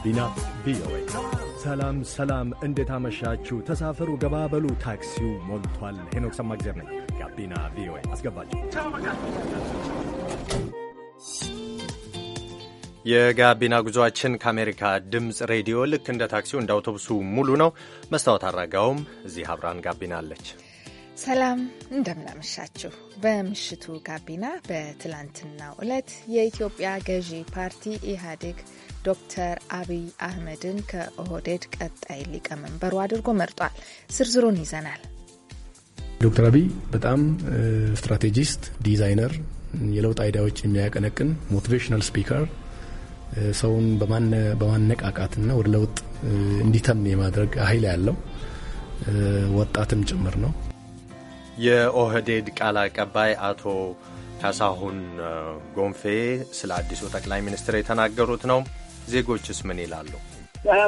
ጋቢና ቪኦኤ። ሰላም ሰላም፣ እንዴት አመሻችሁ? ተሳፈሩ፣ ገባበሉ፣ ታክሲው ሞልቷል። ሄኖክ ሰማግዜር ነኝ። ጋቢና ቪኦኤ አስገባችሁ። የጋቢና ጉዟችን ከአሜሪካ ድምፅ ሬዲዮ ልክ እንደ ታክሲው እንደ አውቶቡሱ ሙሉ ነው። መስታወት አድራጋውም እዚህ አብራን ጋቢና አለች። ሰላም እንደምናመሻችሁ። በምሽቱ ጋቢና በትላንትናው ዕለት የኢትዮጵያ ገዢ ፓርቲ ኢህአዴግ ዶክተር አብይ አህመድን ከኦህዴድ ቀጣይ ሊቀመንበሩ አድርጎ መርጧል። ዝርዝሩን ይዘናል። ዶክተር አብይ በጣም ስትራቴጂስት፣ ዲዛይነር፣ የለውጥ አይዲያዎች የሚያቀነቅን ሞቲቬሽናል ስፒከር ሰውን በማነቃቃትና ወደ ለውጥ እንዲተም የማድረግ ኃይል ያለው ወጣትም ጭምር ነው። የኦህዴድ ቃል አቀባይ አቶ ካሳሁን ጎንፌ ስለ አዲሱ ጠቅላይ ሚኒስትር የተናገሩት ነው። ዜጎችስ ምን ይላሉ?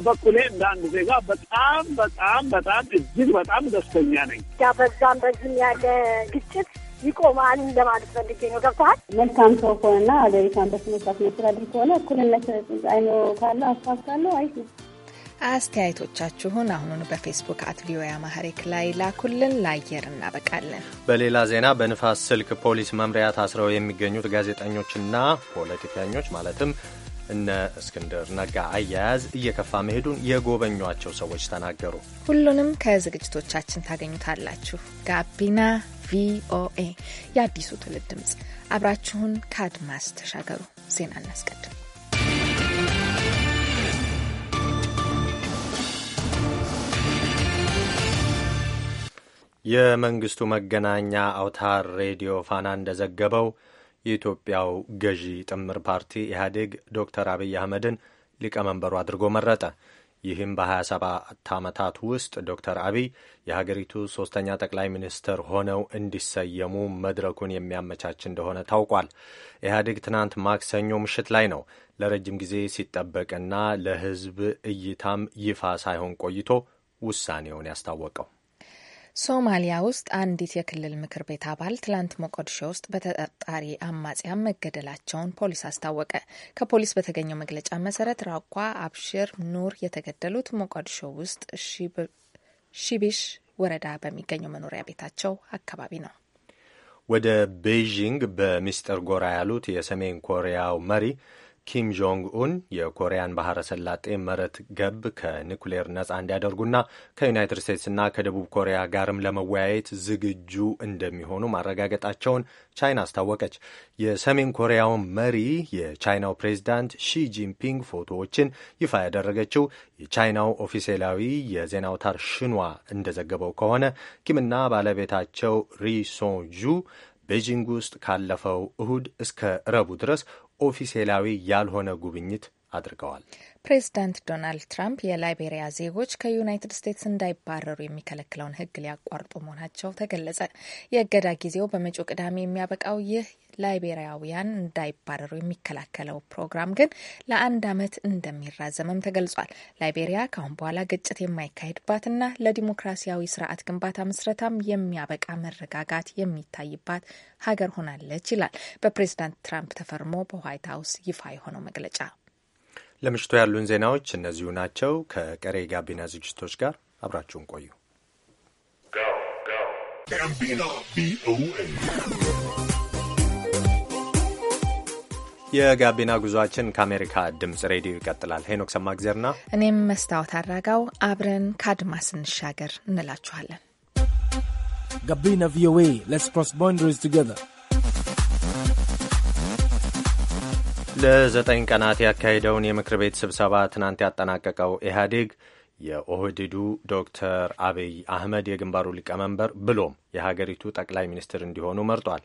በኩሌ እንደ አንድ ዜጋ በጣም በጣም በጣም እጅግ በጣም ደስተኛ ነኝ። ያ በዛም በዚህም ያለ ግጭት ይቆማል እንደማለት ፈልጌ ነው። ገብተሃል። መልካም ሰው ከሆነና ሀገሪቷን በስነስርዓት መስተዳድር ከሆነ እኩልነት አይኖ ካለ አስፋፍ ካለው አይ አስተያየቶቻችሁን አሁኑን በፌስቡክ አት ቪኦኤ አማህሪክ ላይ ላኩልን። ለአየር እናበቃለን። በሌላ ዜና በንፋስ ስልክ ፖሊስ መምሪያ ታስረው የሚገኙት ጋዜጠኞችና ፖለቲከኞች ማለትም እነ እስክንድር ነጋ አያያዝ እየከፋ መሄዱን የጎበኟቸው ሰዎች ተናገሩ። ሁሉንም ከዝግጅቶቻችን ታገኙታላችሁ። ጋቢና ቪኦኤ የአዲሱ ትውልድ ድምፅ፣ አብራችሁን ከአድማስ ተሻገሩ። ዜና እናስቀድም። የመንግስቱ መገናኛ አውታር ሬዲዮ ፋና እንደዘገበው የኢትዮጵያው ገዢ ጥምር ፓርቲ ኢህአዴግ ዶክተር አብይ አህመድን ሊቀመንበሩ አድርጎ መረጠ። ይህም በ27 ዓመታት ውስጥ ዶክተር አብይ የሀገሪቱ ሶስተኛ ጠቅላይ ሚኒስትር ሆነው እንዲሰየሙ መድረኩን የሚያመቻች እንደሆነ ታውቋል። ኢህአዴግ ትናንት ማክሰኞ ምሽት ላይ ነው ለረጅም ጊዜ ሲጠበቅና ለህዝብ እይታም ይፋ ሳይሆን ቆይቶ ውሳኔውን ያስታወቀው። ሶማሊያ ውስጥ አንዲት የክልል ምክር ቤት አባል ትላንት ሞቃዲሾ ውስጥ በተጠርጣሪ አማጽያን መገደላቸውን ፖሊስ አስታወቀ። ከፖሊስ በተገኘው መግለጫ መሰረት ራኳ፣ አብሽር ኑር የተገደሉት ሞቃዲሾ ውስጥ ሺቢሽ ወረዳ በሚገኘው መኖሪያ ቤታቸው አካባቢ ነው። ወደ ቤይዥንግ በሚስጥር ጎራ ያሉት የሰሜን ኮሪያው መሪ ኪም ጆንግ ኡን የኮሪያን ባህረ ሰላጤ መረት ገብ ከኒኩሌር ነጻ እንዲያደርጉና ከዩናይትድ ስቴትስና ከደቡብ ኮሪያ ጋርም ለመወያየት ዝግጁ እንደሚሆኑ ማረጋገጣቸውን ቻይና አስታወቀች። የሰሜን ኮሪያውን መሪ የቻይናው ፕሬዚዳንት ሺ ጂንፒንግ ፎቶዎችን ይፋ ያደረገችው የቻይናው ኦፊሴላዊ የዜና አውታር ሽኗ እንደዘገበው ከሆነ ኪምና ባለቤታቸው ሪሶንጁ ቤጂንግ ውስጥ ካለፈው እሁድ እስከ ረቡ ድረስ ኦፊሴላዊ ያልሆነ ጉብኝት አድርገዋል። ፕሬዚዳንት ዶናልድ ትራምፕ የላይቤሪያ ዜጎች ከዩናይትድ ስቴትስ እንዳይባረሩ የሚከለክለውን ሕግ ሊያቋርጡ መሆናቸው ተገለጸ። የእገዳ ጊዜው በመጪው ቅዳሜ የሚያበቃው ይህ ላይቤሪያውያን እንዳይባረሩ የሚከላከለው ፕሮግራም ግን ለአንድ ዓመት እንደሚራዘምም ተገልጿል። ላይቤሪያ ከአሁን በኋላ ግጭት የማይካሄድባትና ለዲሞክራሲያዊ ስርዓት ግንባታ ምስረታም የሚያበቃ መረጋጋት የሚታይባት ሀገር ሆናለች ይላል በፕሬዚዳንት ትራምፕ ተፈርሞ በዋይት ሀውስ ይፋ የሆነው መግለጫ። ለምሽቱ ያሉን ዜናዎች እነዚሁ ናቸው። ከቀሬ ጋቢና ዝግጅቶች ጋር አብራችሁን ቆዩ። የጋቢና ጉዟችን ከአሜሪካ ድምጽ ሬዲዮ ይቀጥላል። ሄኖክ ሰማግዜርና እኔም መስታወት አድራጋው አብረን ከአድማስ እንሻገር እንላችኋለን። ጋቢና ቪኦኤ ሌትስ ክሮስ ባውንደሪስ ቱጌዘር ለዘጠኝ ቀናት ያካሄደውን የምክር ቤት ስብሰባ ትናንት ያጠናቀቀው ኢህአዴግ የኦህዴዱ ዶክተር አብይ አህመድ የግንባሩ ሊቀመንበር ብሎም የሀገሪቱ ጠቅላይ ሚኒስትር እንዲሆኑ መርጧል።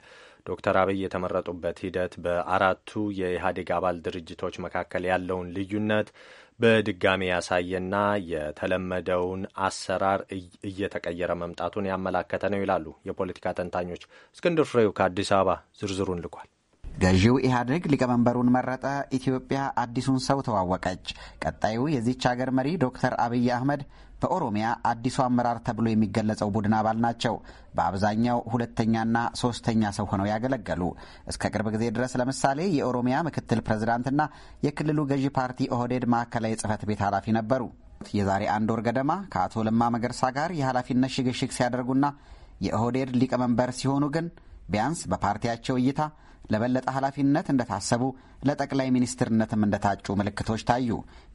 ዶክተር አብይ የተመረጡበት ሂደት በአራቱ የኢህአዴግ አባል ድርጅቶች መካከል ያለውን ልዩነት በድጋሚ ያሳየና የተለመደውን አሰራር እየተቀየረ መምጣቱን ያመላከተ ነው ይላሉ የፖለቲካ ተንታኞች። እስክንድር ፍሬው ከአዲስ አበባ ዝርዝሩን ልኳል። ገዢው ኢህአዴግ ሊቀመንበሩን መረጠ። ኢትዮጵያ አዲሱን ሰው ተዋወቀች። ቀጣዩ የዚች ሀገር መሪ ዶክተር አብይ አህመድ በኦሮሚያ አዲሱ አመራር ተብሎ የሚገለጸው ቡድን አባል ናቸው። በአብዛኛው ሁለተኛና ሶስተኛ ሰው ሆነው ያገለገሉ እስከ ቅርብ ጊዜ ድረስ ለምሳሌ የኦሮሚያ ምክትል ፕሬዝዳንትና የክልሉ ገዢ ፓርቲ ኦህዴድ ማዕከላዊ ጽህፈት ቤት ኃላፊ ነበሩ። የዛሬ አንድ ወር ገደማ ከአቶ ለማ መገርሳ ጋር የኃላፊነት ሽግሽግ ሲያደርጉና የኦህዴድ ሊቀመንበር ሲሆኑ ግን ቢያንስ በፓርቲያቸው እይታ ለበለጠ ኃላፊነት እንደታሰቡ ለጠቅላይ ሚኒስትርነትም እንደታጩ ምልክቶች ታዩ።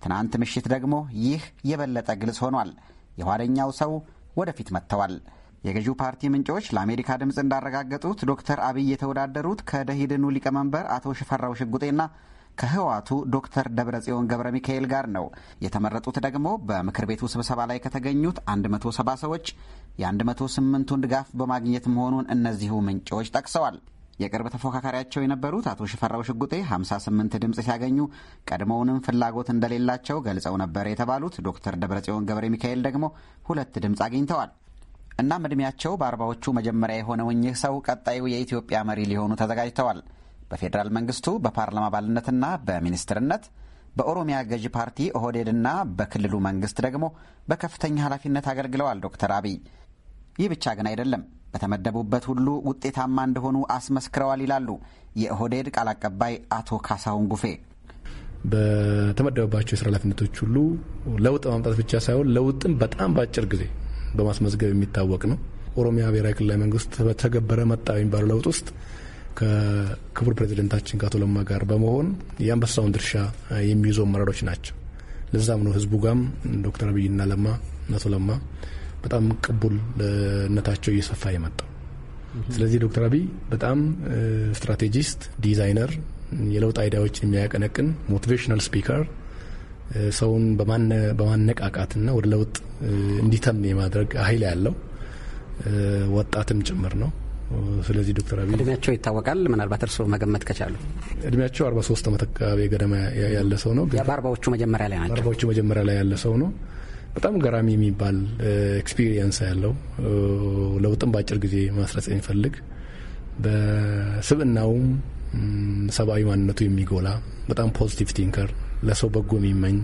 ትናንት ምሽት ደግሞ ይህ የበለጠ ግልጽ ሆኗል። የኋለኛው ሰው ወደፊት መጥተዋል። የገዢው ፓርቲ ምንጮች ለአሜሪካ ድምፅ እንዳረጋገጡት ዶክተር አብይ የተወዳደሩት ከደሂድኑ ሊቀመንበር አቶ ሽፈራው ሽጉጤና ከህወሓቱ ዶክተር ደብረጽዮን ገብረ ሚካኤል ጋር ነው። የተመረጡት ደግሞ በምክር ቤቱ ስብሰባ ላይ ከተገኙት 170 ሰዎች የ108ቱን ድጋፍ በማግኘት መሆኑን እነዚሁ ምንጮች ጠቅሰዋል። የቅርብ ተፎካካሪያቸው የነበሩት አቶ ሽፈራው ሽጉጤ 58 ድምፅ ሲያገኙ ቀድሞውንም ፍላጎት እንደሌላቸው ገልጸው ነበር የተባሉት ዶክተር ደብረጽዮን ገብረ ሚካኤል ደግሞ ሁለት ድምፅ አግኝተዋል። እናም ዕድሜያቸው በአርባዎቹ መጀመሪያ የሆነው እኚህ ሰው ቀጣዩ የኢትዮጵያ መሪ ሊሆኑ ተዘጋጅተዋል። በፌዴራል መንግስቱ በፓርላማ አባልነትና በሚኒስትርነት በኦሮሚያ ገዢ ፓርቲ ኦህዴድና በክልሉ መንግስት ደግሞ በከፍተኛ ኃላፊነት አገልግለዋል። ዶክተር አብይ ይህ ብቻ ግን አይደለም፣ በተመደቡበት ሁሉ ውጤታማ እንደሆኑ አስመስክረዋል ይላሉ የኦህዴድ ቃል አቀባይ አቶ ካሳሁን ጉፌ። በተመደበባቸው የስራ ኃላፊነቶች ሁሉ ለውጥ ማምጣት ብቻ ሳይሆን ለውጥን በጣም በአጭር ጊዜ በማስመዝገብ የሚታወቅ ነው። ኦሮሚያ ብሔራዊ ክልላዊ መንግስት በተገበረ መጣ የሚባለው ለውጥ ውስጥ ከክቡር ፕሬዚደንታችን ከአቶ ለማ ጋር በመሆን የአንበሳውን ድርሻ የሚይዙ አመራሮች ናቸው። ለዛም ነው ህዝቡ ጋም ዶክተር አብይና ለማ አቶ ለማ በጣም ቅቡልነታቸው እየሰፋ የመጣው። ስለዚህ ዶክተር አብይ በጣም ስትራቴጂስት፣ ዲዛይነር፣ የለውጥ አይዲያዎችን የሚያቀነቅን ሞቲቬሽናል ስፒከር፣ ሰውን በማነቃቃትና ወደ ለውጥ እንዲተም የማድረግ ኃይል ያለው ወጣትም ጭምር ነው። ስለዚህ ዶክተር አብይ እድሜያቸው ይታወቃል። ምናልባት እርስዎ መገመት ከቻሉ እድሜያቸው አርባ ሶስት ዓመት አካባቢ ገደማ ያለ ሰው ነው። በአርባዎቹ መጀመሪያ ላይ ናቸው። በአርባዎቹ መጀመሪያ ላይ ያለ ሰው ነው። በጣም ገራሚ የሚባል ኤክስፒሪየንስ ያለው ለውጥም በአጭር ጊዜ ማስረጽ የሚፈልግ በስብናውም ሰብአዊ ማንነቱ የሚጎላ በጣም ፖዚቲቭ ቲንከር ለሰው በጎ የሚመኝ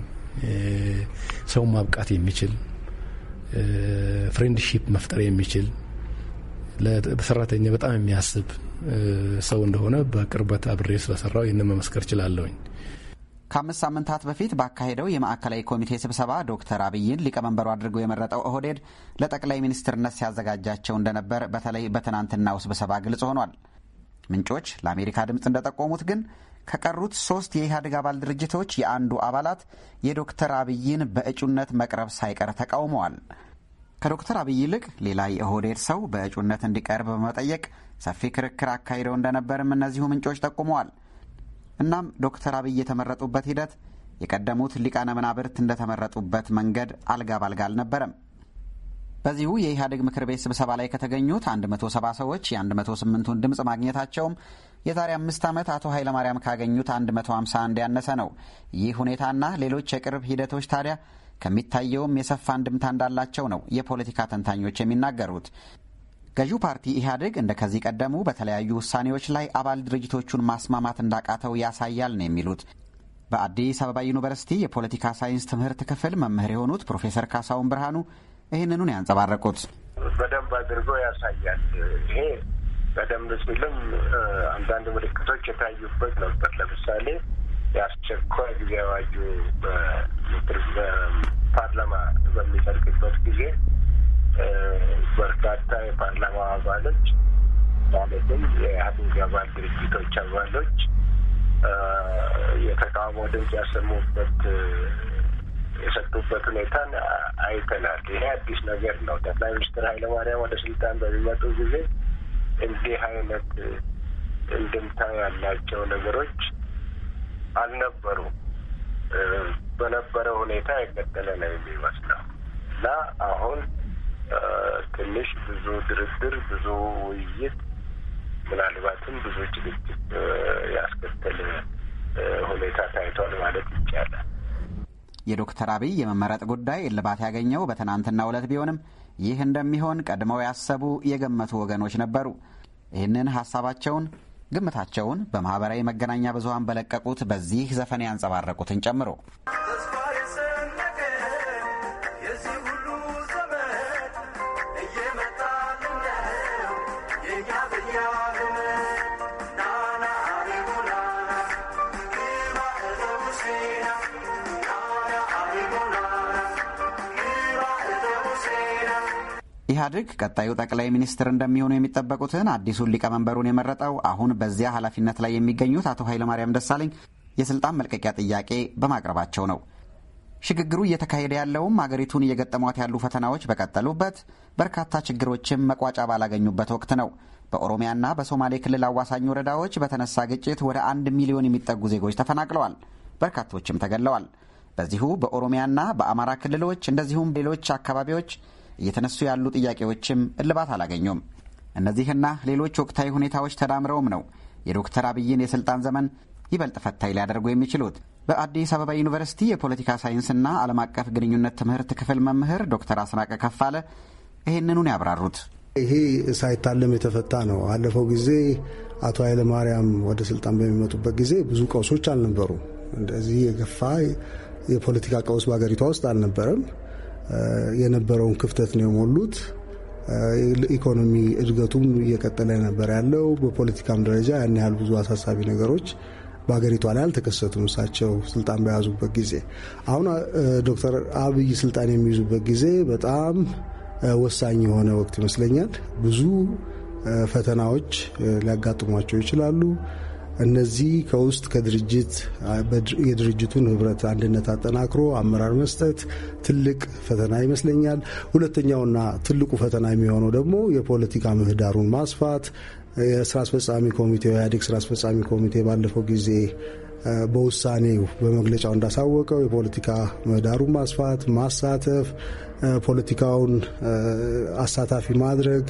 ሰው ማብቃት የሚችል ፍሬንድሺፕ መፍጠር የሚችል ለሰራተኛ በጣም የሚያስብ ሰው እንደሆነ በቅርበት አብሬ ስለሰራው ይህንን መመስከር ችላለሁኝ። ከአምስት ሳምንታት በፊት ባካሄደው የማዕከላዊ ኮሚቴ ስብሰባ ዶክተር አብይን ሊቀመንበሩ አድርገው የመረጠው ኦህዴድ ለጠቅላይ ሚኒስትርነት ሲያዘጋጃቸው እንደነበር በተለይ በትናንትናው ስብሰባ ግልጽ ሆኗል። ምንጮች ለአሜሪካ ድምፅ እንደጠቆሙት ግን ከቀሩት ሶስት የኢህአዴግ አባል ድርጅቶች የአንዱ አባላት የዶክተር አብይን በእጩነት መቅረብ ሳይቀር ተቃውመዋል። ከዶክተር አብይ ይልቅ ሌላ የኦህዴድ ሰው በእጩነት እንዲቀርብ በመጠየቅ ሰፊ ክርክር አካሂደው እንደነበርም እነዚሁ ምንጮች ጠቁመዋል። እናም ዶክተር አብይ የተመረጡበት ሂደት የቀደሙት ሊቃነ መናብርት እንደተመረጡበት መንገድ አልጋ ባልጋ አልነበረም። በዚሁ የኢህአዴግ ምክር ቤት ስብሰባ ላይ ከተገኙት 170 ሰዎች የ108ቱን ድምፅ ማግኘታቸውም የዛሬ አምስት ዓመት አቶ ኃይለማርያም ካገኙት 151 ያነሰ ነው። ይህ ሁኔታና ሌሎች የቅርብ ሂደቶች ታዲያ ከሚታየውም የሰፋ አንድምታ እንዳላቸው ነው የፖለቲካ ተንታኞች የሚናገሩት። ገዢው ፓርቲ ኢህአዴግ እንደ ከዚህ ቀደሙ በተለያዩ ውሳኔዎች ላይ አባል ድርጅቶቹን ማስማማት እንዳቃተው ያሳያል ነው የሚሉት በአዲስ አበባ ዩኒቨርሲቲ የፖለቲካ ሳይንስ ትምህርት ክፍል መምህር የሆኑት ፕሮፌሰር ካሳሁን ብርሃኑ ይህንኑን ያንጸባረቁት በደንብ አድርጎ ያሳያል። ይሄ በደንብ ሲልም አንዳንድ ምልክቶች የታዩበት ነበር። ለምሳሌ የአስቸኳይ ጊዜ አዋጁ በፓርላማ በሚጠርቅበት ጊዜ በርካታ የፓርላማ አባሎች ማለትም የኢህአዴግ አባል ድርጅቶች አባሎች የተቃውሞ ድምፅ ያሰሙበት የሰጡበት ሁኔታን አይተናል። ይሄ አዲስ ነገር ነው። ጠቅላይ ሚኒስትር ኃይለማርያም ወደ ስልጣን በሚመጡ ጊዜ እንዲህ አይነት እንድምታ ያላቸው ነገሮች አልነበሩ። በነበረው ሁኔታ የቀጠለ ነው የሚመስለው እና አሁን ትንሽ ብዙ ድርድር፣ ብዙ ውይይት፣ ምናልባትም ብዙ ጭቅጭቅ ያስከተለ ሁኔታ ታይቷል ማለት ይቻላል። የዶክተር አብይ የመመረጥ ጉዳይ እልባት ያገኘው በትናንትናው ዕለት ቢሆንም ይህ እንደሚሆን ቀድመው ያሰቡ የገመቱ ወገኖች ነበሩ። ይህንን ሀሳባቸውን ግምታቸውን በማህበራዊ መገናኛ ብዙኃን በለቀቁት በዚህ ዘፈን ያንጸባረቁትን ጨምሮ ኢህአዴግ ቀጣዩ ጠቅላይ ሚኒስትር እንደሚሆኑ የሚጠበቁትን አዲሱን ሊቀመንበሩን የመረጠው አሁን በዚያ ኃላፊነት ላይ የሚገኙት አቶ ኃይለማርያም ደሳለኝ የስልጣን መልቀቂያ ጥያቄ በማቅረባቸው ነው። ሽግግሩ እየተካሄደ ያለውም አገሪቱን እየገጠሟት ያሉ ፈተናዎች በቀጠሉበት፣ በርካታ ችግሮችም መቋጫ ባላገኙበት ወቅት ነው። በኦሮሚያና በሶማሌ ክልል አዋሳኝ ወረዳዎች በተነሳ ግጭት ወደ አንድ ሚሊዮን የሚጠጉ ዜጎች ተፈናቅለዋል፣ በርካቶችም ተገለዋል። በዚሁ በኦሮሚያና በአማራ ክልሎች እንደዚሁም ሌሎች አካባቢዎች እየተነሱ ያሉ ጥያቄዎችም እልባት አላገኙም። እነዚህና ሌሎች ወቅታዊ ሁኔታዎች ተዳምረውም ነው የዶክተር አብይን የስልጣን ዘመን ይበልጥ ፈታኝ ሊያደርጉ የሚችሉት። በአዲስ አበባ ዩኒቨርሲቲ የፖለቲካ ሳይንስና ዓለም አቀፍ ግንኙነት ትምህርት ክፍል መምህር ዶክተር አስናቀ ከፋለ ይህንኑን ያብራሩት። ይሄ ሳይታለም የተፈታ ነው። አለፈው ጊዜ አቶ ኃይለማርያም ወደ ስልጣን በሚመጡበት ጊዜ ብዙ ቀውሶች አልነበሩም። እንደዚህ የገፋ የፖለቲካ ቀውስ በሀገሪቷ ውስጥ አልነበረም። የነበረውን ክፍተት ነው የሞሉት። ኢኮኖሚ እድገቱም እየቀጠለ ነበር ያለው። በፖለቲካም ደረጃ ያን ያህል ብዙ አሳሳቢ ነገሮች በሀገሪቷ ላይ አልተከሰቱም እሳቸው ስልጣን በያዙበት ጊዜ። አሁን ዶክተር አብይ ስልጣን የሚይዙበት ጊዜ በጣም ወሳኝ የሆነ ወቅት ይመስለኛል። ብዙ ፈተናዎች ሊያጋጥሟቸው ይችላሉ። እነዚህ ከውስጥ ከድርጅት የድርጅቱን ህብረት አንድነት አጠናክሮ አመራር መስጠት ትልቅ ፈተና ይመስለኛል። ሁለተኛውና ትልቁ ፈተና የሚሆነው ደግሞ የፖለቲካ ምህዳሩን ማስፋት የስራ አስፈጻሚ ኮሚቴው የኢህአዴግ ስራ አስፈጻሚ ኮሚቴ ባለፈው ጊዜ በውሳኔው በመግለጫው እንዳሳወቀው የፖለቲካ ምህዳሩን ማስፋት፣ ማሳተፍ፣ ፖለቲካውን አሳታፊ ማድረግ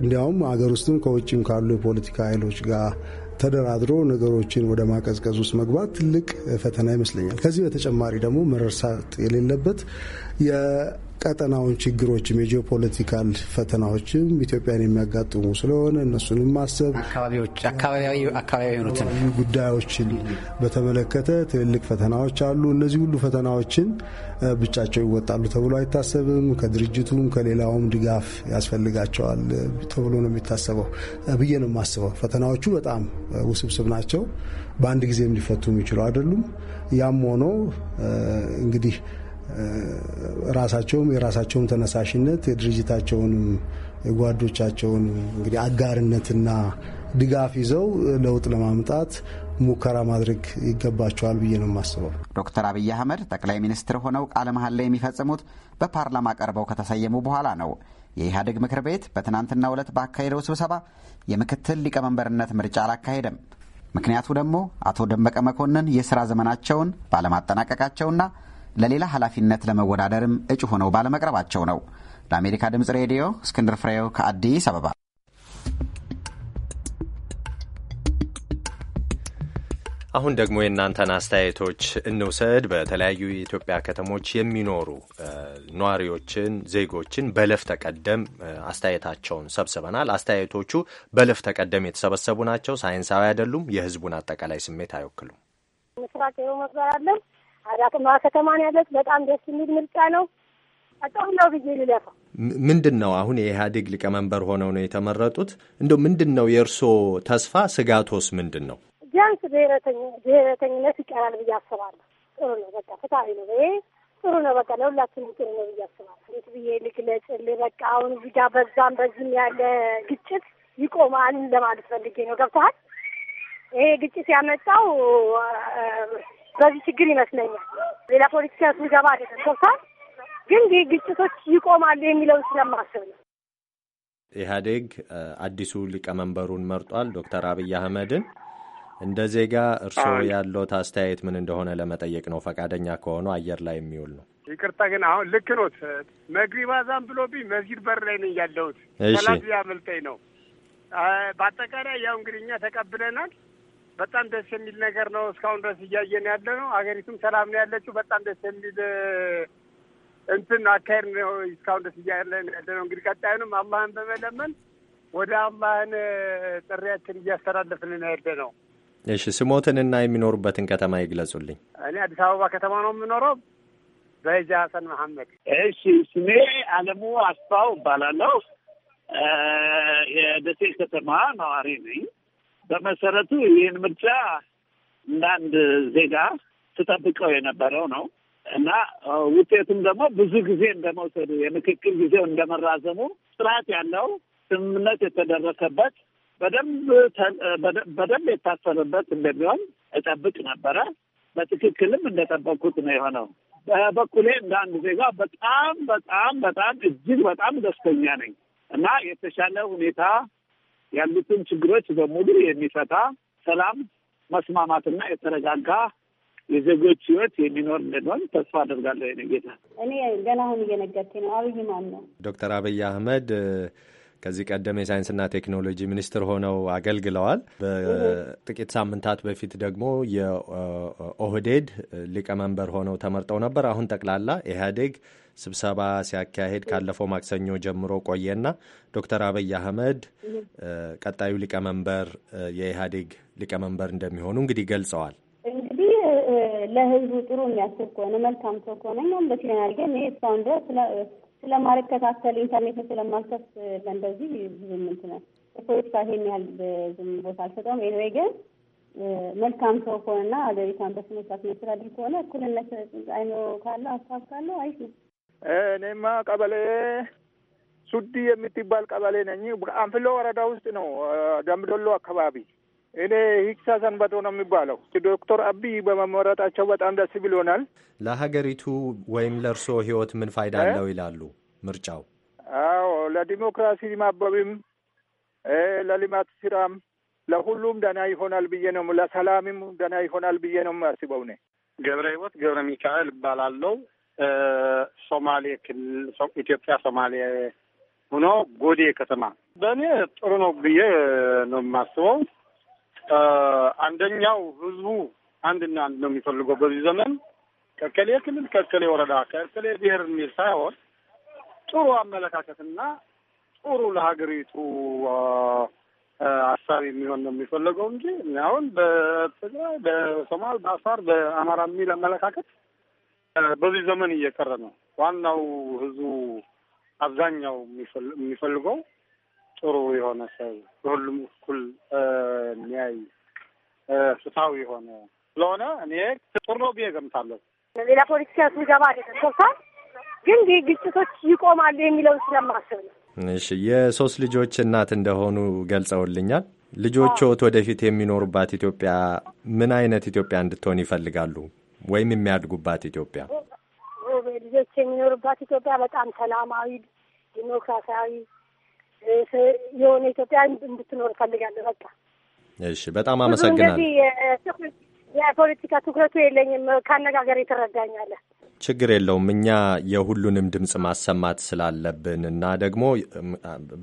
እንዲያውም አገር ውስጥም ከውጭም ካሉ የፖለቲካ ኃይሎች ጋር ተደራድሮ ነገሮችን ወደ ማቀዝቀዝ ውስጥ መግባት ትልቅ ፈተና ይመስለኛል። ከዚህ በተጨማሪ ደግሞ መረሳት የሌለበት የቀጠናውን ችግሮችም የጂኦፖለቲካል ፈተናዎችም ኢትዮጵያን የሚያጋጥሙ ስለሆነ እነሱንም ማሰብ ጉዳዮችን በተመለከተ ትልልቅ ፈተናዎች አሉ። እነዚህ ሁሉ ፈተናዎችን ብቻቸው ይወጣሉ ተብሎ አይታሰብም። ከድርጅቱም ከሌላውም ድጋፍ ያስፈልጋቸዋል ተብሎ ነው የሚታሰበው ብዬ ነው የማስበው። ፈተናዎቹ በጣም ውስብስብ ናቸው። በአንድ ጊዜም ሊፈቱ የሚችሉ አይደሉም። ያም ሆኖ እንግዲህ ራሳቸውም የራሳቸውም ተነሳሽነት የድርጅታቸውንም የጓዶቻቸውን እንግዲህ አጋርነትና ድጋፍ ይዘው ለውጥ ለማምጣት ሙከራ ማድረግ ይገባቸዋል ብዬ ነው የማስበው። ዶክተር አብይ አህመድ ጠቅላይ ሚኒስትር ሆነው ቃለ ላይ የሚፈጽሙት በፓርላማ ቀርበው ከተሰየሙ በኋላ ነው። የኢህአዴግ ምክር ቤት በትናንትናው ዕለት ባካሄደው ስብሰባ የምክትል ሊቀመንበርነት ምርጫ አላካሄደም። ምክንያቱ ደግሞ አቶ ደመቀ መኮንን የሥራ ዘመናቸውን ባለማጠናቀቃቸውና ለሌላ ኃላፊነት ለመወዳደርም እጩ ሆነው ባለመቅረባቸው ነው። ለአሜሪካ ድምፅ ሬዲዮ እስክንድር ፍሬው ከአዲስ አበባ። አሁን ደግሞ የእናንተን አስተያየቶች እንውሰድ። በተለያዩ የኢትዮጵያ ከተሞች የሚኖሩ ነዋሪዎችን፣ ዜጎችን በለፍ ተቀደም አስተያየታቸውን ሰብስበናል። አስተያየቶቹ በለፍ ተቀደም የተሰበሰቡ ናቸው፣ ሳይንሳዊ አይደሉም፣ የሕዝቡን አጠቃላይ ስሜት አይወክሉም። ምስራቅ ይኸው አለን አዳማ ከተማ ነው በጣም ደስ የሚል ምርጫ ነው። አጣሁም ነው ብዬ ልለፋ ምንድን ነው አሁን የኢህአዴግ ሊቀመንበር ሆነው ነው የተመረጡት። እንደው ምንድን ነው የእርስዎ ተስፋ ስጋቶስ ምንድን ነው? ቢያንስ ብሔረተኝነት ይቀራል ብዬ አስባለሁ። ጥሩ ነው በቃ ፍትሐዊ ነው ይሄ ጥሩ ነው በቃ ለሁላችንም ጥሩ ነው ብዬ አስባለሁ። እንዴት ብዬ ልግለጽልህ? በቃ አሁን እዚህ ጋር በዛም በዚህም ያለ ግጭት ይቆማል ለማለት ፈልጌ ነው። ገብተሃል? ይሄ ግጭት ያመጣው በዚህ ችግር ይመስለኛል። ሌላ ፖለቲካ ስንገባ አይደለም ገብቷል። ግን ይህ ግጭቶች ይቆማሉ የሚለው ስለማስብ ነው። ኢህአዴግ አዲሱ ሊቀመንበሩን መርጧል፣ ዶክተር አብይ አህመድን። እንደ ዜጋ እርስዎ ያለዎት አስተያየት ምን እንደሆነ ለመጠየቅ ነው። ፈቃደኛ ከሆኑ አየር ላይ የሚውል ነው። ይቅርታ ግን አሁን ልክ ኖት። መግሪባ ዛም ብሎብኝ መስጊድ በር ላይ ነኝ ያለሁት። ሰላት ያመልጠኝ ነው። በአጠቃላይ ያው እንግዲህ እኛ ተቀብለናል። በጣም ደስ የሚል ነገር ነው። እስካሁን ድረስ እያየን ያለ ነው። ሀገሪቱም ሰላም ነው ያለችው። በጣም ደስ የሚል እንትን አካሄድ ነው እስካሁን ድረስ እያለን ያለ ነው። እንግዲህ ቀጣዩንም አላህን በመለመን ወደ አላህን ጥሪያችን እያስተላለፍን ነው ያለ ነው። እሺ፣ ስሞትንና የሚኖሩበትን ከተማ ይግለጹልኝ። እኔ አዲስ አበባ ከተማ ነው የምኖረው በጃ ሀሰን መሐመድ። እሺ፣ ስሜ አለሙ አስፋው እባላለሁ። የደሴ ከተማ ነዋሪ ነኝ። በመሰረቱ ይህን ምርጫ አንድ ዜጋ ስጠብቀው የነበረው ነው እና ውጤቱም ደግሞ ብዙ ጊዜ እንደመውሰዱ የምክክል ጊዜው እንደመራዘሙ ስርዓት ያለው ስምምነት የተደረሰበት በደንብ የታሰበበት እንደሚሆን እጠብቅ ነበረ። በትክክልም እንደጠበቅኩት ነው የሆነው። በበኩሌ እንደ አንድ ዜጋ በጣም በጣም በጣም እጅግ በጣም ደስተኛ ነኝ እና የተሻለ ሁኔታ ያሉትን ችግሮች በሙሉ የሚፈታ ሰላም፣ መስማማትና የተረጋጋ የዜጎች ህይወት የሚኖር እንደሆን ተስፋ አደርጋለሁ። የእኔ ጌታ እኔ ገና አሁን እየነገርኩኝ ነው። አብይ ማን ነው? ዶክተር አብይ አህመድ ከዚህ ቀደም የሳይንስና ቴክኖሎጂ ሚኒስትር ሆነው አገልግለዋል። በጥቂት ሳምንታት በፊት ደግሞ የኦህዴድ ሊቀመንበር ሆነው ተመርጠው ነበር። አሁን ጠቅላላ ኢህአዴግ ስብሰባ ሲያካሄድ ካለፈው ማክሰኞ ጀምሮ ቆየና ዶክተር አብይ አህመድ ቀጣዩ ሊቀመንበር የኢህአዴግ ሊቀመንበር እንደሚሆኑ እንግዲህ ገልጸዋል። እንግዲህ ለህዝቡ ጥሩ የሚያስብ ከሆነ መልካም ሰው ከሆነ እኛም ደስ ይለናል። ግን ይህ እስካሁን ድረስ ስለማልከታተል ኢንተርኔት ስለማልከፍት ለእንደዚህ ብዙ ነው ፖለቲካ ይሄን ያህል ብዙም ቦታ አልሰጠውም። ኤንዌይ ግን መልካም ሰው ከሆነና ሀገሪቷን በስነስርዓት የሚያስተዳድር ከሆነ እኩልነት አይኖ ካለው ሀሳብ ካለው አሪፍ ነው። እኔማ ቀበሌ ሱዲ የምትባል ቀበሌ ነኝ። አንፍሎ ወረዳ ውስጥ ነው፣ ደምዶሎ አካባቢ። እኔ ሂክሳ ሰንበቶ ነው የሚባለው። ዶክተር አብይ በመመረጣቸው በጣም ደስ ብሎናል። ለሀገሪቱ ወይም ለእርሶ ህይወት ምን ፋይዳ አለው ይላሉ ምርጫው? አዎ ለዲሞክራሲ ማበብም ለልማት ስራም ለሁሉም ደና ይሆናል ብዬ ነው፣ ለሰላምም ደና ይሆናል ብዬ ነው የማስበው። እኔ ገብረ ህይወት ገብረ ሚካኤል እባላለሁ። ሶማሌ ክልል ኢትዮጵያ ሶማሌ ሆኖ ጎዴ ከተማ በእኔ ጥሩ ነው ብዬ ነው የማስበው። አንደኛው ህዝቡ አንድና አንድ ነው የሚፈልገው በዚህ ዘመን ከከሌ ክልል ከከሌ ወረዳ ከከሌ ብሔር የሚል ሳይሆን ጥሩ አመለካከትና ጥሩ ለሀገሪቱ አሳቢ የሚሆን ነው የሚፈለገው እንጂ አሁን በትግራይ፣ በሶማል፣ በአፋር፣ በአማራ የሚል አመለካከት በዚህ ዘመን እየቀረ ነው። ዋናው ህዝቡ አብዛኛው የሚፈልገው ጥሩ የሆነ ሰው በሁሉም እኩል የሚያይ ፍትሐዊ የሆነ ስለሆነ እኔ ጥሩ ነው ብዬ ገምታለሁ። ሌላ ፖለቲካ የሚገባ አይደለም ግን ይህ ግጭቶች ይቆማሉ የሚለውን ስለማስብ ነው። እሺ የሶስት ልጆች እናት እንደሆኑ ገልጸውልኛል። ልጆችዎት ወደፊት የሚኖሩባት ኢትዮጵያ ምን አይነት ኢትዮጵያ እንድትሆን ይፈልጋሉ? ወይም የሚያድጉባት ኢትዮጵያ ልጆች የሚኖሩባት ኢትዮጵያ በጣም ሰላማዊ፣ ዲሞክራሲያዊ የሆነ ኢትዮጵያ እንድትኖር እፈልጋለሁ። በቃ እሺ፣ በጣም አመሰግናለሁ። የፖለቲካ ትኩረቱ የለኝም። ከአነጋገር ትረዳኛለህ። ችግር የለውም። እኛ የሁሉንም ድምፅ ማሰማት ስላለብን እና ደግሞ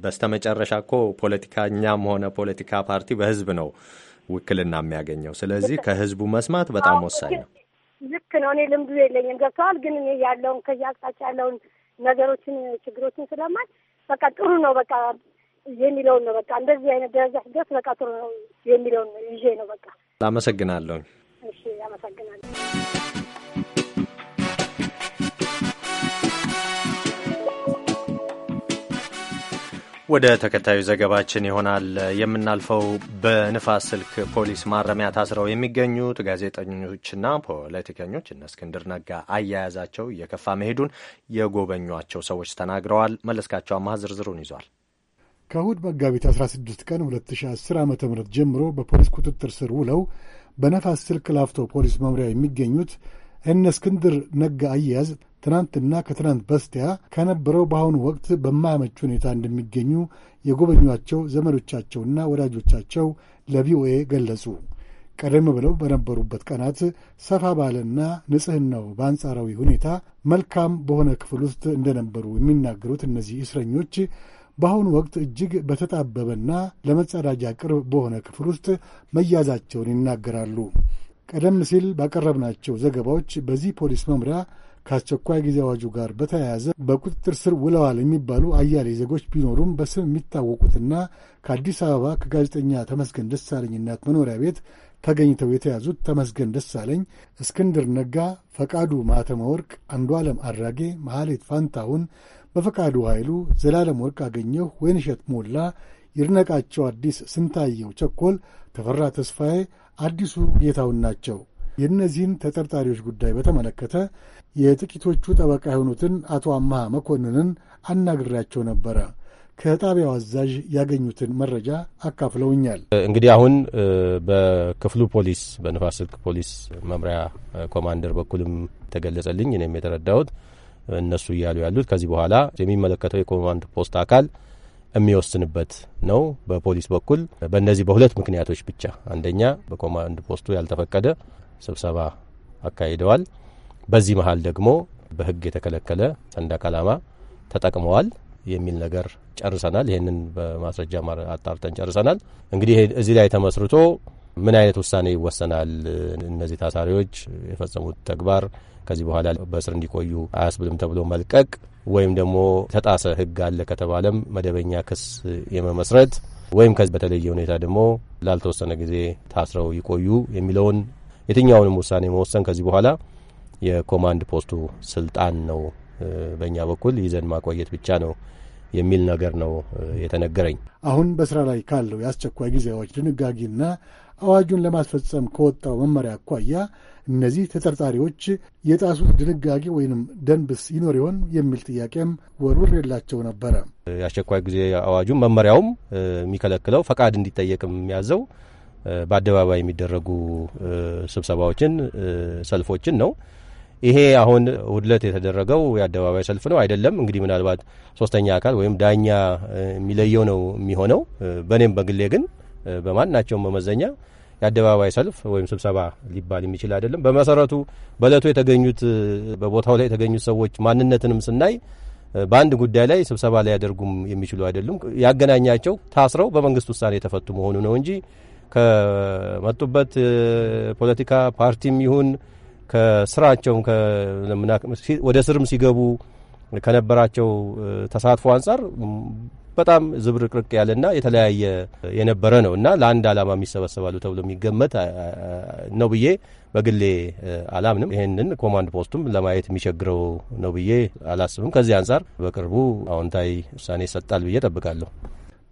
በስተመጨረሻ እኮ ፖለቲካኛም ሆነ ፖለቲካ ፓርቲ በህዝብ ነው ውክልና የሚያገኘው። ስለዚህ ከህዝቡ መስማት በጣም ወሳኝ ነው። ልክ ነው። እኔ ልምዱ የለኝም ገብተዋል። ግን እኔ ያለውን ከዚህ አቅጣጫ ያለውን ነገሮችን ችግሮችን ስለማል በቃ ጥሩ ነው በቃ የሚለውን ነው በቃ እንደዚህ አይነት ደረጃ ስደት በቃ ጥሩ ነው የሚለውን ይዤ ነው በቃ አመሰግናለሁ። እሺ አመሰግናለሁ። ወደ ተከታዩ ዘገባችን ይሆናል የምናልፈው። በንፋስ ስልክ ፖሊስ ማረሚያ ታስረው የሚገኙት ጋዜጠኞችና ፖለቲከኞች እነ እስክንድር ነጋ አያያዛቸው እየከፋ መሄዱን የጎበኟቸው ሰዎች ተናግረዋል። መለስካቸው አማህ ዝርዝሩን ይዟል። ከእሁድ መጋቢት 16 ቀን 2010 ዓ ም ጀምሮ በፖሊስ ቁጥጥር ስር ውለው በነፋስ ስልክ ላፍቶ ፖሊስ መምሪያ የሚገኙት እነ እስክንድር ነጋ አያያዝ ትናንትና ከትናንት በስቲያ ከነበረው በአሁኑ ወቅት በማያመች ሁኔታ እንደሚገኙ የጎበኟቸው ዘመዶቻቸውና ወዳጆቻቸው ለቪኦኤ ገለጹ። ቀደም ብለው በነበሩበት ቀናት ሰፋ ባለና ንጽሕናው በአንጻራዊ ሁኔታ መልካም በሆነ ክፍል ውስጥ እንደነበሩ የሚናገሩት እነዚህ እስረኞች በአሁኑ ወቅት እጅግ በተጣበበና ለመጸዳጃ ቅርብ በሆነ ክፍል ውስጥ መያዛቸውን ይናገራሉ። ቀደም ሲል ባቀረብናቸው ዘገባዎች በዚህ ፖሊስ መምሪያ ከአስቸኳይ ጊዜ አዋጁ ጋር በተያያዘ በቁጥጥር ስር ውለዋል የሚባሉ አያሌ ዜጎች ቢኖሩም በስም የሚታወቁትና ከአዲስ አበባ ከጋዜጠኛ ተመስገን ደሳለኝ እናት መኖሪያ ቤት ተገኝተው የተያዙት ተመስገን ደሳለኝ፣ እስክንድር ነጋ፣ ፈቃዱ ማተመ ወርቅ፣ አንዱ አለም አድራጌ መሐሌት ፋንታውን፣ በፈቃዱ ኃይሉ፣ ዘላለም ወርቅ አገኘሁ፣ ወይንሸት ሞላ፣ ይድነቃቸው አዲስ፣ ስንታየው ቸኮል፣ ተፈራ ተስፋዬ አዲሱ ጌታውን ናቸው። የእነዚህን ተጠርጣሪዎች ጉዳይ በተመለከተ የጥቂቶቹ ጠበቃ የሆኑትን አቶ አምሃ መኮንንን አናግሬያቸው ነበረ። ከጣቢያው አዛዥ ያገኙትን መረጃ አካፍለውኛል። እንግዲህ አሁን በክፍሉ ፖሊስ በንፋስ ስልክ ፖሊስ መምሪያ ኮማንደር በኩልም ተገለጸልኝ። እኔም የተረዳሁት እነሱ እያሉ ያሉት ከዚህ በኋላ የሚመለከተው የኮማንድ ፖስት አካል የሚወስንበት ነው በፖሊስ በኩል በእነዚህ በሁለት ምክንያቶች ብቻ። አንደኛ በኮማንድ ፖስቱ ያልተፈቀደ ስብሰባ አካሂደዋል። በዚህ መሀል ደግሞ በሕግ የተከለከለ ሰንደቅ ዓላማ ተጠቅመዋል የሚል ነገር ጨርሰናል። ይህንን በማስረጃ አጣርተን ጨርሰናል። እንግዲህ እዚህ ላይ ተመስርቶ ምን አይነት ውሳኔ ይወሰናል? እነዚህ ታሳሪዎች የፈጸሙት ተግባር ከዚህ በኋላ በእስር እንዲቆዩ አያስብልም ተብሎ መልቀቅ ወይም ደግሞ ተጣሰ ህግ አለ ከተባለም መደበኛ ክስ የመመስረት ወይም ከዚህ በተለየ ሁኔታ ደግሞ ላልተወሰነ ጊዜ ታስረው ይቆዩ የሚለውን የትኛውንም ውሳኔ መወሰን ከዚህ በኋላ የኮማንድ ፖስቱ ስልጣን ነው። በእኛ በኩል ይዘን ማቆየት ብቻ ነው የሚል ነገር ነው የተነገረኝ። አሁን በስራ ላይ ካለው የአስቸኳይ ጊዜ አዋጅ ድንጋጌና አዋጁን ለማስፈጸም ከወጣው መመሪያ አኳያ እነዚህ ተጠርጣሪዎች የጣሱት ድንጋጌ ወይንም ደንብስ ይኖር ይሆን የሚል ጥያቄም የላቸው ነበረ። የአስቸኳይ ጊዜ አዋጁም መመሪያውም የሚከለክለው ፈቃድ እንዲጠየቅም የሚያዘው በአደባባይ የሚደረጉ ስብሰባዎችን፣ ሰልፎችን ነው። ይሄ አሁን ውድለት የተደረገው የአደባባይ ሰልፍ ነው አይደለም። እንግዲህ ምናልባት ሶስተኛ አካል ወይም ዳኛ የሚለየው ነው የሚሆነው። በእኔም በግሌ ግን በማናቸውም መመዘኛ የአደባባይ ሰልፍ ወይም ስብሰባ ሊባል የሚችል አይደለም። በመሰረቱ በእለቱ የተገኙት በቦታው ላይ የተገኙት ሰዎች ማንነትንም ስናይ በአንድ ጉዳይ ላይ ስብሰባ ሊያደርጉም የሚችሉ አይደሉም። ያገናኛቸው ታስረው በመንግስት ውሳኔ የተፈቱ መሆኑ ነው እንጂ ከመጡበት ፖለቲካ ፓርቲም ይሁን ከስራቸውም ወደ ስርም ሲገቡ ከነበራቸው ተሳትፎ አንጻር በጣም ዝብርቅርቅ ያለና የተለያየ የነበረ ነው እና ለአንድ ዓላማም ይሰበሰባሉ ተብሎ የሚገመት ነው ብዬ በግሌ አላምንም። ይህንን ኮማንድ ፖስቱም ለማየት የሚቸግረው ነው ብዬ አላስብም። ከዚህ አንጻር በቅርቡ አዎንታዊ ውሳኔ ይሰጣል ብዬ ጠብቃለሁ።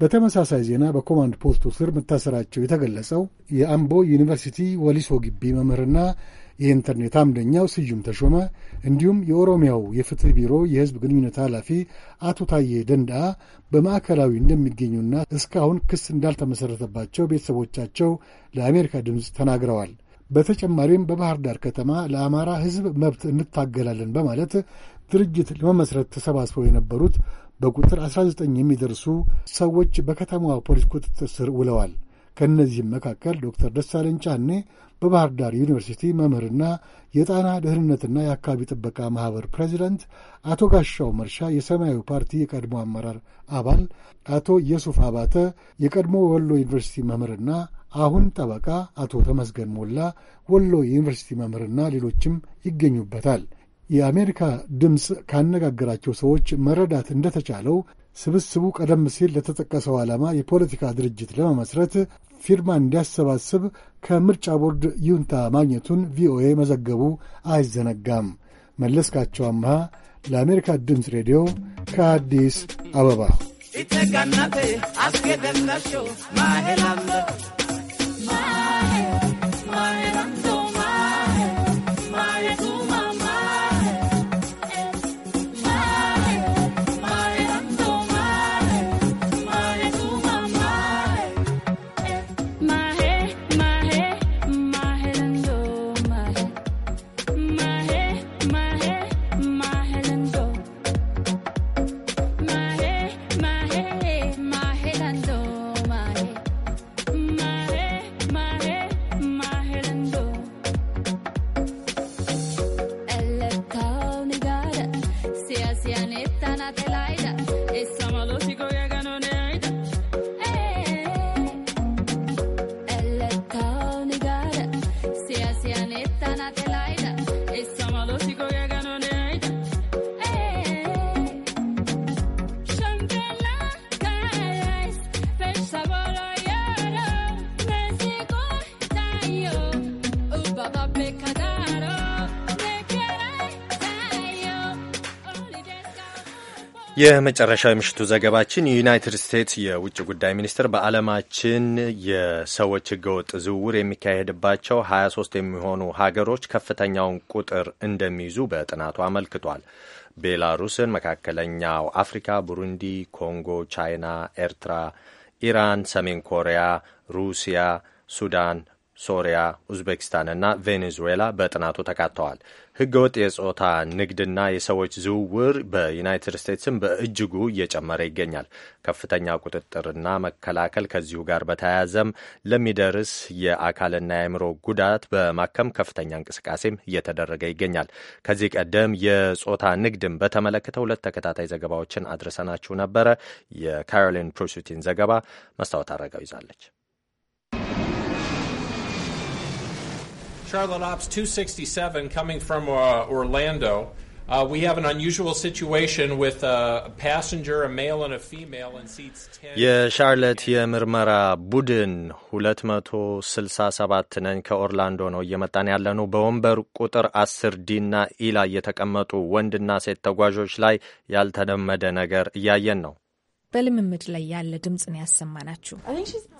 በተመሳሳይ ዜና በኮማንድ ፖስቱ ስር መታሰራቸው የተገለጸው የአምቦ ዩኒቨርሲቲ ወሊሶ ግቢ መምህርና የኢንተርኔት አምደኛው ስዩም ተሾመ እንዲሁም የኦሮሚያው የፍትህ ቢሮ የህዝብ ግንኙነት ኃላፊ አቶ ታዬ ደንዳ በማዕከላዊ እንደሚገኙና እስካሁን ክስ እንዳልተመሠረተባቸው ቤተሰቦቻቸው ለአሜሪካ ድምፅ ተናግረዋል። በተጨማሪም በባህር ዳር ከተማ ለአማራ ህዝብ መብት እንታገላለን በማለት ድርጅት ለመመስረት ተሰባስበው የነበሩት በቁጥር 19 የሚደርሱ ሰዎች በከተማዋ ፖሊስ ቁጥጥር ስር ውለዋል። ከእነዚህም መካከል ዶክተር ደሳለኝ ጫኔ በባህር ዳር ዩኒቨርሲቲ መምህርና የጣና ደህንነትና የአካባቢ ጥበቃ ማህበር ፕሬዚደንት አቶ ጋሻው መርሻ የሰማያዊ ፓርቲ የቀድሞ አመራር አባል፣ አቶ ኢየሱፍ አባተ የቀድሞ ወሎ ዩኒቨርሲቲ መምህርና አሁን ጠበቃ፣ አቶ ተመስገን ሞላ ወሎ ዩኒቨርሲቲ መምህርና ሌሎችም ይገኙበታል። የአሜሪካ ድምፅ ካነጋገራቸው ሰዎች መረዳት እንደተቻለው ስብስቡ ቀደም ሲል ለተጠቀሰው ዓላማ የፖለቲካ ድርጅት ለመመስረት ፊርማ እንዲያሰባስብ ከምርጫ ቦርድ ይሁንታ ማግኘቱን ቪኦኤ መዘገቡ አይዘነጋም። መለስካቸው አምሃ ለአሜሪካ ድምፅ ሬዲዮ ከአዲስ አበባ የመጨረሻው የምሽቱ ዘገባችን የዩናይትድ ስቴትስ የውጭ ጉዳይ ሚኒስትር በዓለማችን የሰዎች ህገወጥ ዝውውር የሚካሄድባቸው 23 የሚሆኑ ሀገሮች ከፍተኛውን ቁጥር እንደሚይዙ በጥናቱ አመልክቷል። ቤላሩስን፣ መካከለኛው አፍሪካ፣ ቡሩንዲ፣ ኮንጎ፣ ቻይና፣ ኤርትራ፣ ኢራን፣ ሰሜን ኮሪያ፣ ሩሲያ፣ ሱዳን፣ ሶሪያ፣ ኡዝቤኪስታንና ቬኔዙዌላ በጥናቱ ተካተዋል። ህገወጥ የጾታ ንግድና የሰዎች ዝውውር በዩናይትድ ስቴትስም በእጅጉ እየጨመረ ይገኛል። ከፍተኛ ቁጥጥርና መከላከል ከዚሁ ጋር በተያያዘም ለሚደርስ የአካልና የአእምሮ ጉዳት በማከም ከፍተኛ እንቅስቃሴም እየተደረገ ይገኛል። ከዚህ ቀደም የጾታ ንግድን በተመለከተ ሁለት ተከታታይ ዘገባዎችን አድርሰናችሁ ነበረ። የካሮሊን ፕሮሱቲን ዘገባ መስታወት አረጋው ይዛለች። Charlotte Ops 267 coming from uh, Orlando. Uh, we have an unusual situation with a passenger, a male and a female in seats 10. የሻርለት የምርመራ ቡድን 267 ነን ከኦርላንዶ ነው እየመጣን ያለ ነው። በወንበር ቁጥር 10 ዲና ኢ ላይ የተቀመጡ ወንድና ሴት ተጓዦች ላይ ያልተለመደ ነገር እያየን ነው። በልምምድ ላይ ያለ ድምፅን ያሰማናችሁ።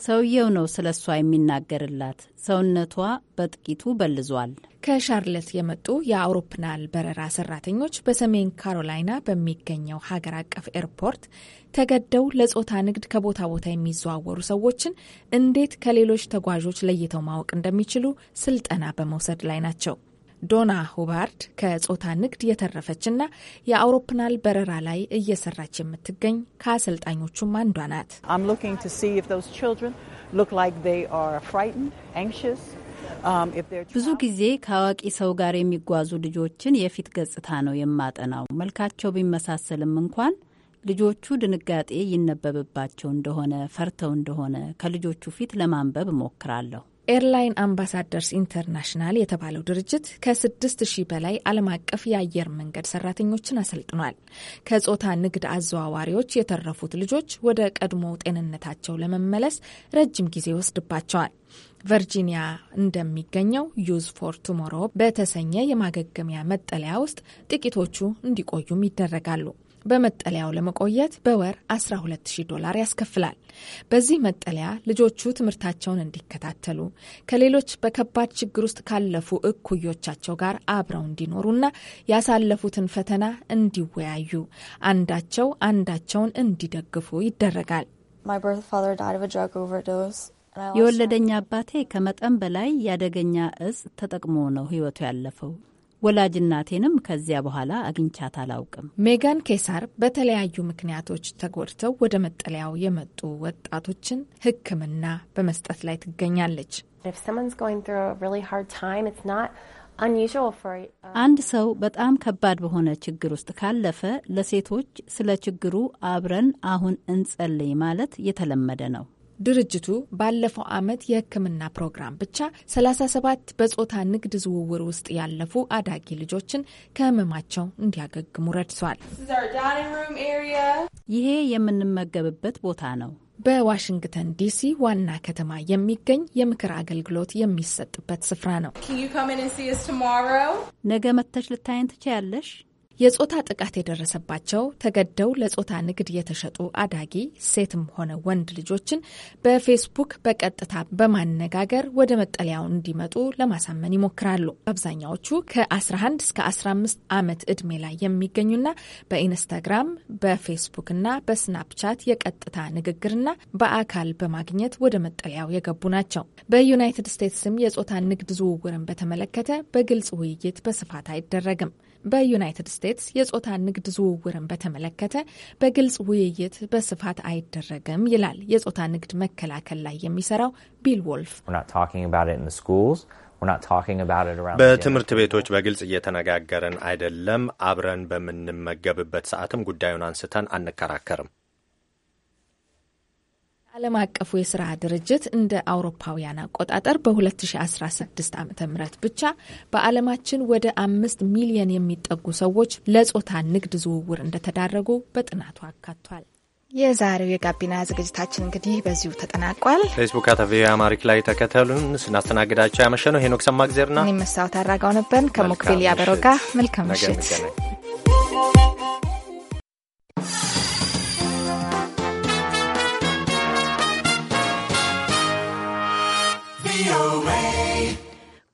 ሰውየው ነው ስለ እሷ የሚናገርላት። ሰውነቷ በጥቂቱ በልዟል። ከሻርለት የመጡ የአውሮፕላን በረራ ሰራተኞች በሰሜን ካሮላይና በሚገኘው ሀገር አቀፍ ኤርፖርት ተገደው ለጾታ ንግድ ከቦታ ቦታ የሚዘዋወሩ ሰዎችን እንዴት ከሌሎች ተጓዦች ለይተው ማወቅ እንደሚችሉ ስልጠና በመውሰድ ላይ ናቸው። ዶና ሁባርድ ከጾታ ንግድ የተረፈችና የአውሮፕላን በረራ ላይ እየሰራች የምትገኝ ከአሰልጣኞቹም አንዷ ናት። um, ብዙ ጊዜ ከአዋቂ ሰው ጋር የሚጓዙ ልጆችን የፊት ገጽታ ነው የማጠናው። መልካቸው ቢመሳሰልም እንኳን ልጆቹ ድንጋጤ ይነበብባቸው እንደሆነ፣ ፈርተው እንደሆነ ከልጆቹ ፊት ለማንበብ እሞክራለሁ። ኤርላይን አምባሳደርስ ኢንተርናሽናል የተባለው ድርጅት ከስድስት ሺህ በላይ ዓለም አቀፍ የአየር መንገድ ሰራተኞችን አሰልጥኗል። ከጾታ ንግድ አዘዋዋሪዎች የተረፉት ልጆች ወደ ቀድሞ ጤንነታቸው ለመመለስ ረጅም ጊዜ ይወስድባቸዋል። ቨርጂኒያ እንደሚገኘው ዩዝ ፎር ቱሞሮ በተሰኘ የማገገሚያ መጠለያ ውስጥ ጥቂቶቹ እንዲቆዩም ይደረጋሉ። በመጠለያው ለመቆየት በወር 120 ዶላር ያስከፍላል። በዚህ መጠለያ ልጆቹ ትምህርታቸውን እንዲከታተሉ ከሌሎች በከባድ ችግር ውስጥ ካለፉ እኩዮቻቸው ጋር አብረው እንዲኖሩና ያሳለፉትን ፈተና እንዲወያዩ፣ አንዳቸው አንዳቸውን እንዲደግፉ ይደረጋል። የወለደኛ አባቴ ከመጠን በላይ ያደገኛ እጽ ተጠቅሞ ነው ህይወቱ ያለፈው። ወላጅ እናቴንም ከዚያ በኋላ አግኝቻት አላውቅም። ሜጋን ኬሳር በተለያዩ ምክንያቶች ተጎድተው ወደ መጠለያው የመጡ ወጣቶችን ሕክምና በመስጠት ላይ ትገኛለች። uh, አንድ ሰው በጣም ከባድ በሆነ ችግር ውስጥ ካለፈ ለሴቶች ስለ ችግሩ አብረን አሁን እንጸልይ ማለት የተለመደ ነው። ድርጅቱ ባለፈው ዓመት የሕክምና ፕሮግራም ብቻ 37 በጾታ ንግድ ዝውውር ውስጥ ያለፉ አዳጊ ልጆችን ከህመማቸው እንዲያገግሙ ረድሷል። ይሄ የምንመገብበት ቦታ ነው። በዋሽንግተን ዲሲ ዋና ከተማ የሚገኝ የምክር አገልግሎት የሚሰጥበት ስፍራ ነው። ነገ መተሽ ልታይን ትችያለሽ? የጾታ ጥቃት የደረሰባቸው ተገደው ለጾታ ንግድ የተሸጡ አዳጊ ሴትም ሆነ ወንድ ልጆችን በፌስቡክ በቀጥታ በማነጋገር ወደ መጠለያው እንዲመጡ ለማሳመን ይሞክራሉ። አብዛኛዎቹ ከ11 እስከ 15 ዓመት ዕድሜ ላይ የሚገኙና በኢንስታግራም በፌስቡክና በስናፕቻት የቀጥታ ንግግርና በአካል በማግኘት ወደ መጠለያው የገቡ ናቸው። በዩናይትድ ስቴትስም የጾታ ንግድ ዝውውርን በተመለከተ በግልጽ ውይይት በስፋት አይደረግም። በዩናይትድ ስቴትስ የጾታ ንግድ ዝውውርን በተመለከተ በግልጽ ውይይት በስፋት አይደረግም ይላል የጾታ ንግድ መከላከል ላይ የሚሰራው ቢል ወልፍ። በትምህርት ቤቶች በግልጽ እየተነጋገርን አይደለም። አብረን በምንመገብበት ሰዓትም ጉዳዩን አንስተን አንከራከርም። ዓለም አቀፉ የስራ ድርጅት እንደ አውሮፓውያን አቆጣጠር በ2016 ዓ ም ብቻ በዓለማችን ወደ አምስት ሚሊየን የሚጠጉ ሰዎች ለጾታ ንግድ ዝውውር እንደተዳረጉ በጥናቱ አካቷል። የዛሬው የጋቢና ዝግጅታችን እንግዲህ በዚሁ ተጠናቋል። ፌስቡክ አተቪ አማሪክ ላይ ተከተሉን። ስናስተናግዳቸው ያመሸ ነው ሄኖክ ሰማግዜርና እኔም መስታወት አድራጋው ነበርን ከሞክቤል ያበረው ጋር መልካም ምሽት።